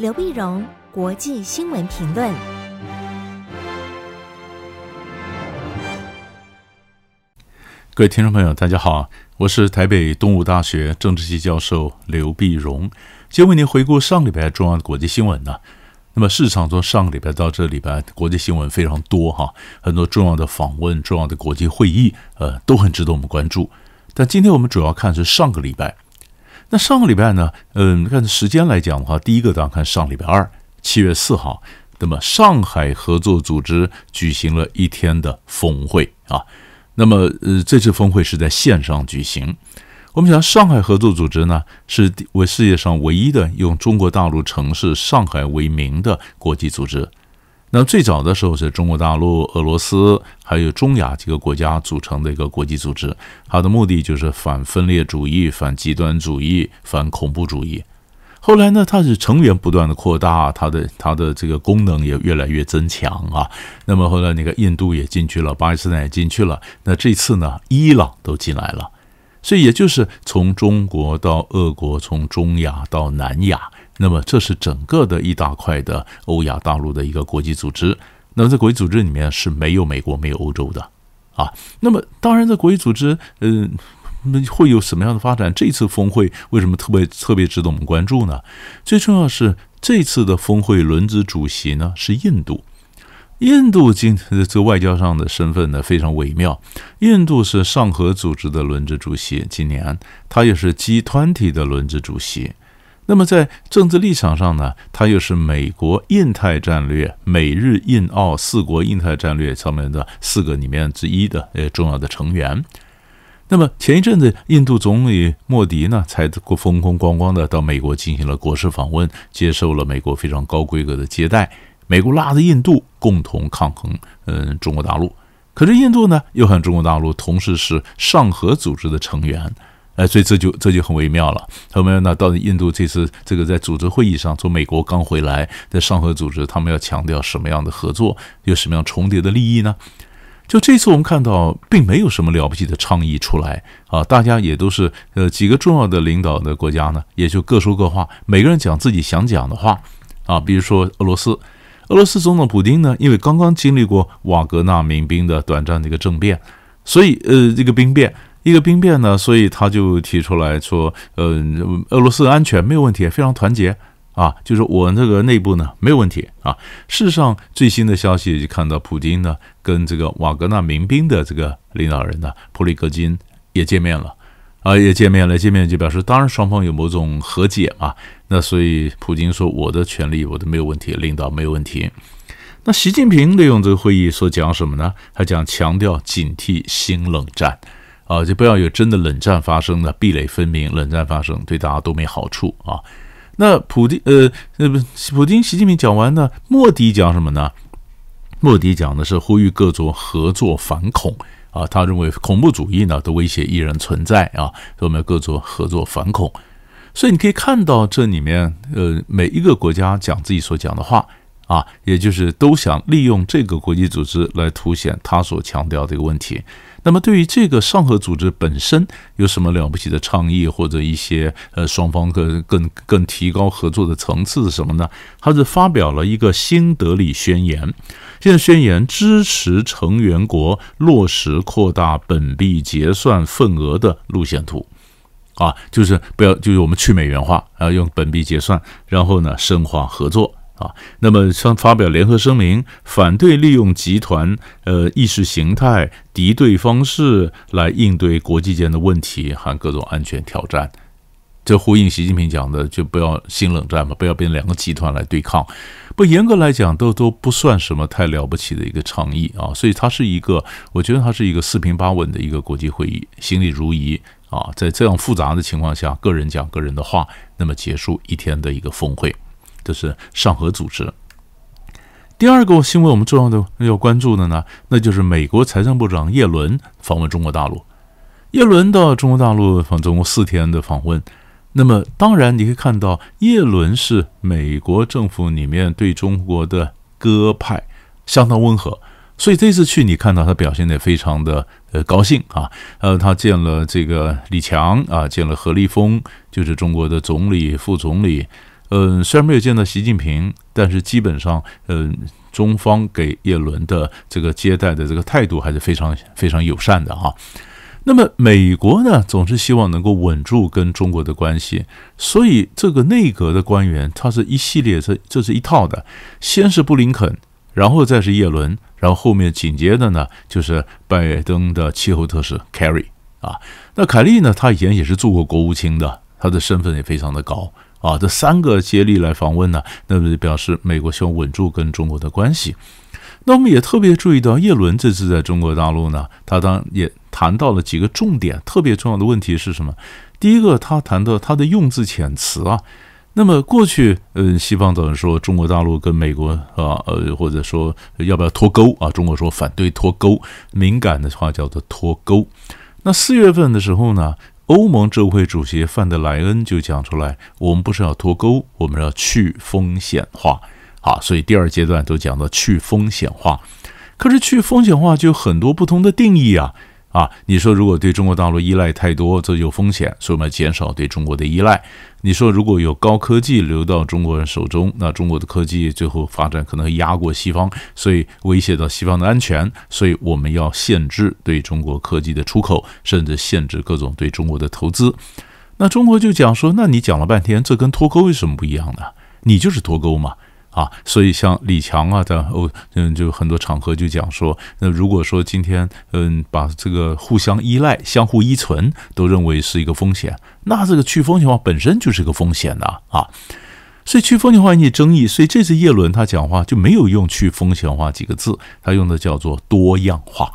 劉必榮，國際新聞評論。各位聽眾朋友，大家好，我是台北東吳大學政治系教授劉必榮，今天為您回顧上個禮拜重要的國際新聞呢。那麼，市場從上個禮拜到這禮拜，國際新聞非常多哈，很多重要的訪問、重要的國際會議，呃，都很值得我們關注。但今天我們主要看是上個禮拜。那上個禮拜呢？嗯、呃，按照時間來講的話，第一個大家看上禮拜二，七月四號，那麼上海合作組織舉行了一天的峰會啊。那麼，呃，這次峰會是在線上舉行。我們講上海合作組織呢，是為世界上唯一的用中國大陸城市、上海為名的國際組織。那最早的時候是中國大陸、俄羅斯還有中亞幾個國家組成的一個國際組織，它的目的就是反分裂主義、反極端主義、反恐怖主義。後來呢，它是成員不斷的擴大，它的它的這個功能也越來越增強啊。那麼後來那個印度也進去了，巴基斯坦也進去了，那這次呢，伊朗都進來了。所以，也就是從中國到俄國，從中亞到南亞，那麼這是整個的一大塊的歐亞大陸的一個國際組織。那麼在國際組織裡面是沒有美國、沒有歐洲的啊。那麼當然，在國際組織，嗯，那會有什麼樣的發展？這次峰會為什麼特別特別值得我們關注呢？最重要是這次的峰會輪值主席呢是印度。印度今天的這個外交上的身份呢非常微妙。印度是上合組織的輪值主席，今年他又是 G20 的輪值主席。那麼在政治立場上呢，他又是美國印太戰略、美日印澳四國印太戰略上面的四個裡面之一的呃重要的成員。那麼前一陣子，印度總理莫迪呢才過風風光光的到美國進行了國事訪問，接受了美國非常高規格的接待。美國拉着印度共同抗衡，嗯，中國大陸。可是印度呢，又和中國大陸同時是上合組織的成員，哎，所以這就這就很微妙了。他們那到底印度這次這個在組織會議上，從美國剛回來，在上合組織，他們要強調什麼樣的合作，有什麼樣重疊的利益呢？就這次我們看到，並沒有什麼了不起的倡議出來啊，大家也都是呃幾個重要的領導的國家呢，也就各說各話，每個人講自己想講的話啊，比如說俄羅斯。俄羅斯總統普京呢，因為剛剛經歷過瓦格納民兵的短暫的一個政變，所以呃，這個兵變，一個兵變呢，所以他就提出來說，呃，俄羅斯安全沒有問題，非常團結啊，就是我這個內部呢沒有問題啊。事實上，最新的消息就看到，普京呢跟這個瓦格納民兵的這個領導人呢普里格金也見面了。啊，也見面了，見面就表示，當然雙方有某種和解嘛。那所以普京說：“我的權利，我的沒有問題，領導沒有問題。”那習近平利用這個會議所講什麼呢？他講強調警惕新冷戰啊，就不要有真的冷戰發生的，壁壘分明，冷戰發生對大家都沒好處啊。那普京，呃，呃，普京、習近平講完呢，莫迪講什麼呢？莫迪講的是呼籲各國合作反恐。啊，他認為恐怖主義呢的威脅依然存在啊，所以我們要各做合作反恐。所以你可以看到這裡面，呃，每一個國家講自己所講的話啊，也就是都想利用這個國際組織來凸顯他所強調的一個問題。那麼，對於這個上合組織本身有什麼了不起的倡議，或者一些呃雙方更更更提高合作的層次是什麼呢？他是發表了一個新德里宣言，現在宣言支持成員國落實擴大本幣結算份額的路線圖，啊，就是不要，就是我們去美元化啊，用本幣結算，然後呢，深化合作。啊，那麼像發表聯合聲明，反對利用集團、呃意識形態敵對方式來應對國際間的問題和各種安全挑戰，這呼應習近平講的，就不要新冷戰嘛，不要變兩個集團來對抗。不嚴格來講，都都不算什麼太了不起的一個倡議啊，所以它是一個，我覺得它是一個四平八穩的一個國際會議，行禮如儀啊，在這樣複雜的情況下，個人講個人的話，那麼結束一天的一個峰會。這是上合組織。第二個新聞我們重要的要關注的呢，那就是美國財政部長葉倫訪問中國大陸。葉倫到中國大陸訪，總共四天的訪問。那麼，當然你可以看到，葉倫是美國政府裡面對中國的鴿派，相當溫和，所以這次去你看到他表現得非常的呃高興啊。呃，他見了這個李強啊，見了何立峰，就是中國的總理、副總理。嗯，雖然沒有見到習近平，但是基本上，嗯，中方給葉倫的這個接待的這個態度還是非常非常友善的哈、啊。那麼美國呢，總是希望能夠穩住跟中國的關係，所以這個內閣的官員，他是一系列這這、就是一套的，先是布林肯，然後再是葉倫，然後後面緊接着呢就是拜登的氣候特使凱利啊。那凱利呢，他以前也是做過國務卿的，他的身份也非常的高。啊，這三個接力來訪問呢，那麼就表示美國希望穩住跟中國的關係。那我們也特別注意到，葉倫這次在中國大陸呢，他當也談到了幾個重點，特別重要的問題是什麼？第一個，他談到他的用字遣詞啊。那麼過去，嗯，西方等於說中國大陸跟美國啊，呃，或者說要不要脫鈎啊？中國說反對脫鈎，敏感的話叫做脫鈎。那四月份的時候呢，歐盟執委會主席范德萊恩就講出來，我們不是要脫鈎，我們要去風險化，啊。好，所以第二階段都講到去風險化，可是去風險化就有很多不同的定義啊。啊，你說如果對中國大陸依賴太多，這有風險，所以我們要減少對中國的依賴。你說如果有高科技流到中國人手中，那中國的科技最後發展可能壓過西方，所以威脅到西方的安全，所以我們要限制對中國科技的出口，甚至限制各種對中國的投資。那中國就講說，那你講了半天，這跟脫鈎有什麼不一樣呢？你就是脫鈎嘛。啊，所以像李強啊等哦，嗯，就很多場合就講說，那如果說今天嗯，把這個互相依賴、相互依存都認為是一個風險，那這個去風險化本身就是一個風險吶啊,啊。所以去風險化引起爭議，所以這次葉倫他講話就沒有用去風險化幾個字，他用的叫做多樣化。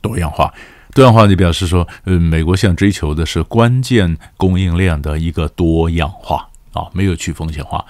多樣化，多樣化就表示說，嗯，美國現在追求的是關鍵供應鏈的一個多樣化。啊、哦，沒有去風險化，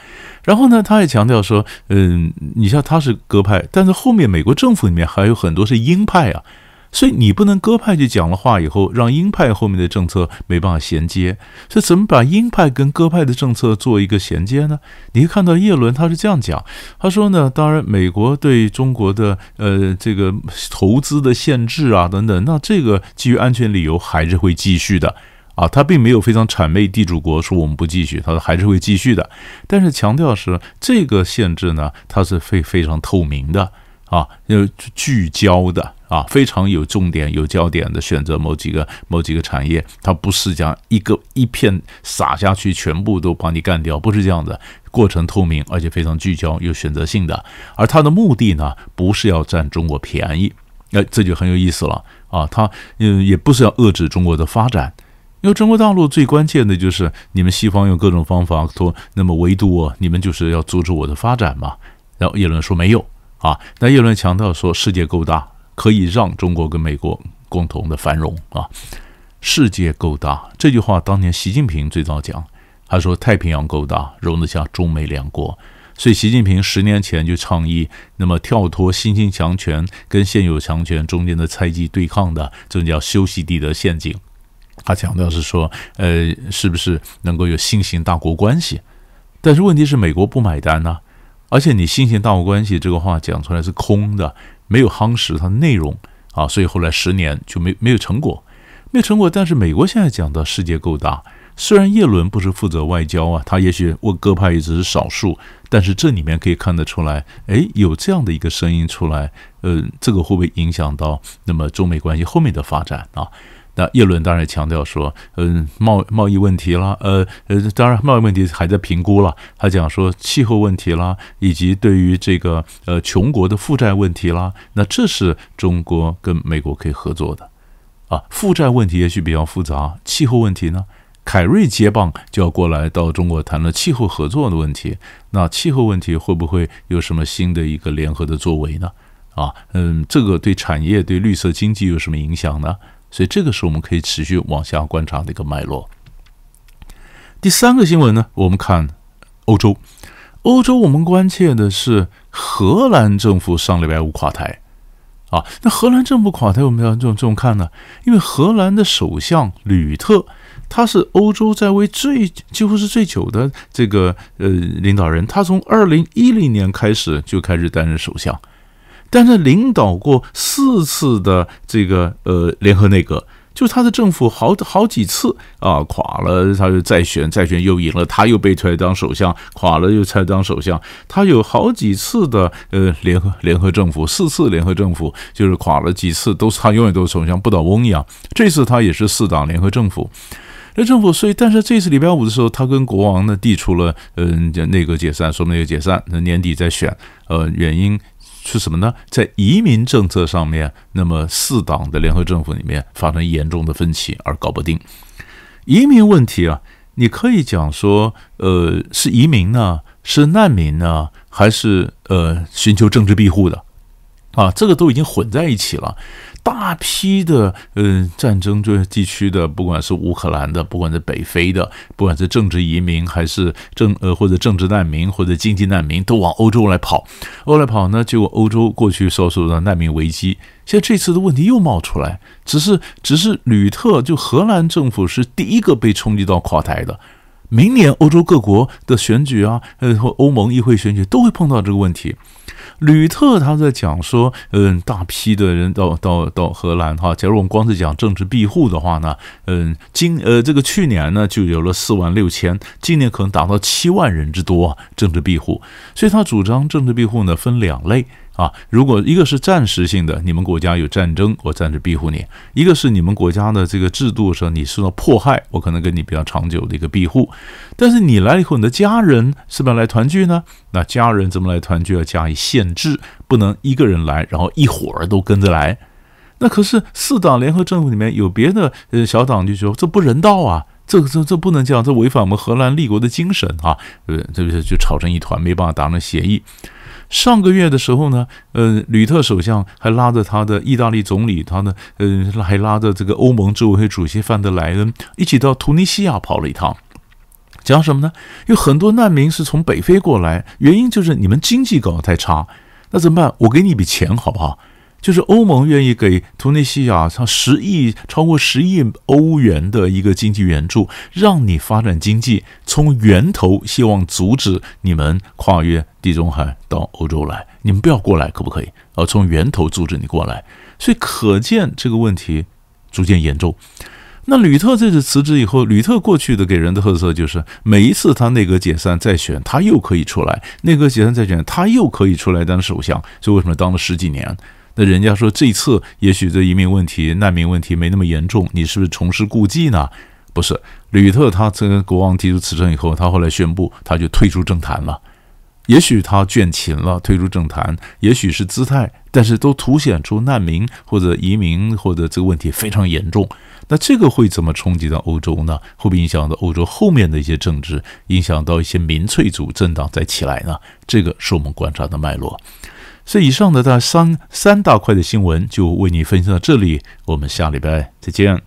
然後呢，他也強調說，嗯，你像他是鴿派，但是後面美國政府裡面還有很多是鷹派啊，所以你不能鴿派去講了話以後，讓鷹派後面的政策沒辦法銜接，所以怎麼把鷹派跟鴿派的政策做一個銜接呢？你會看到葉倫他是這樣講，他說呢，當然美國對中國的呃這個投資的限制啊等等，那這個基於安全理由還是會繼續的。啊，他並沒有非常諂媚地主國，說我們不繼續，他說還是會繼續的。但是強調是這個限制呢，它是非非常透明的啊，要聚焦的啊，非常有重點、有焦點的選擇某幾個某幾個產業，它不是講一個一片撒下去，全部都把你幹掉，不是這樣的。過程透明，而且非常聚焦，有選擇性的。而它的目的呢，不是要佔中國便宜，那、呃、這就很有意思了啊。它嗯、呃，也不是要遏制中國的發展。因為中國大陸最關鍵的就是你們西方用各種方法說，那麼唯獨我你們就是要阻止我的發展嘛？然後葉倫說沒有啊，那葉倫強調說世界夠大，可以讓中國跟美國共同的繁榮啊。世界夠大這句話當年習近平最早講，他說太平洋夠大，容得下中美兩國，所以習近平十年前就倡議，那麼跳脫新興強權跟現有強權中間的猜忌對抗的，這叫修昔底德的陷阱。他強調是說，呃，是不是能夠有新型大國關係？但是問題是美國不買單呢、啊，而且你新型大國關係這個話講出來是空的，沒有夯實它的內容啊，所以後來十年就沒沒有成果，沒有成果。但是美國現在講的世界夠大，雖然耶倫不是負責外交啊，他也許鴿派也只是少數，但是這裡面可以看得出來，哎，有這樣的一個聲音出來，呃，這個會不會影響到那麼中美關係後面的發展啊？那葉倫當然強調說，嗯，貿貿易問題啦，呃呃，當然貿易問題還在評估了。他講說氣候問題啦，以及對於這個呃窮國的負債問題啦，那這是中國跟美國可以合作的啊。負債問題也許比較複雜，氣候問題呢，凱瑞接棒就要過來到中國談了氣候合作的問題。那氣候問題會不會有什麼新的一個聯合的作為呢？啊，嗯，這個對產業、對綠色經濟有什麼影響呢？所以，這個是我們可以持續往下觀察的一個脈絡。第三個新聞呢，我們看歐洲。歐洲，我們關切的是荷蘭政府上禮拜五垮台。啊，那荷蘭政府垮台我們要怎麼怎麼看呢？因為荷蘭的首相呂特，他是歐洲在位最幾乎是最久的這個呃領導人，他從二零一零年開始就開始擔任首相。但是領導過四次的這個呃聯合內閣，就他的政府好好幾次啊垮了，他又再選再選又贏了，他又被推當首相，垮了又再當首相。他有好幾次的呃聯合聯合政府，四次聯合政府就是垮了幾次，都是他永遠都是首相，不倒翁一樣。這次他也是四黨聯合政府，那政府所以但是這次禮拜五的時候，他跟國王呢遞出了嗯、呃、內閣解散，說明要解散，那年底再選。呃原因。是什麼呢？在移民政策上面，那麼四黨的聯合政府裡面發生嚴重的分歧，而搞不定移民問題啊。你可以講說，呃，是移民呢，是難民呢，還是呃尋求政治庇護的啊？這個都已經混在一起了。大批的嗯、呃，戰爭這些地區的，不管是烏克蘭的，不管是北非的，不管是政治移民還是政呃或者政治難民或者經濟難民，都往歐洲來跑。歐來跑呢，就歐洲過去遭受的難民危機，現在這次的問題又冒出來。只是只是呂特就荷蘭政府是第一個被衝擊到垮台的。明年歐洲各國的選舉啊，呃歐盟議會選舉都會碰到這個問題。呂特他在講說，嗯，大批的人到到到荷蘭哈。假如我們光是講政治庇護的話呢，嗯，今呃，這個去年呢就有了四萬六千，今年可能達到七萬人之多啊，政治庇護。所以他主張政治庇護呢分兩類。啊，如果一個是暫時性的，你們國家有戰爭，我暫時庇護你；一個是你們國家的這個制度上你受到迫害，我可能跟你比較長久的一個庇護。但是你來了以後，你的家人是不是要來團聚呢？那家人怎麼來團聚，要加以限制，不能一個人來，然後一夥兒都跟着來。那可是四黨聯合政府裡面有別的呃小黨就說這不人道啊，這這這不能這樣，這違反我們荷蘭立國的精神啊，呃，這個是就吵成一團，沒辦法達成協議。上個月的時候呢，呃，呂特首相還拉着他的意大利總理，他的，呃，還拉着這個歐盟執委會主席范德萊恩一起到突尼西亞跑了一趟，講什麼呢？有很多難民是從北非過來，原因就是你們經濟搞得太差，那怎麼辦？我給你一筆錢，好不好？就是歐盟願意給突尼西亞上十億、超過十億歐元的一個經濟援助，讓你發展經濟，從源頭希望阻止你們跨越地中海到歐洲來，你們不要過來，可不可以？呃，從源頭阻止你過來。所以可見這個問題逐漸嚴重。那呂特這次辭職以後，呂特過去的給人的特色就是，每一次他內閣解散再選，他又可以出來；內閣解散再選，他又可以出來當首相。所以為什麼當了十幾年？那人家說這次也許這移民問題、難民問題沒那麼嚴重，你是不是重施故技呢？不是，呂特他曾跟國王提出辭呈以後，他後來宣布他就退出政壇了。也許他倦勤了，退出政壇，也許是姿態，但是都凸顯出難民或者移民或者這個問題非常嚴重。那這個會怎麼衝擊到歐洲呢？會不會影響到歐洲後面的一些政治，影響到一些民粹主義政黨再起來呢？這個是我們觀察的脈絡。這以上的大三三大塊的新聞就為你分享到這裡，我們下禮拜再見。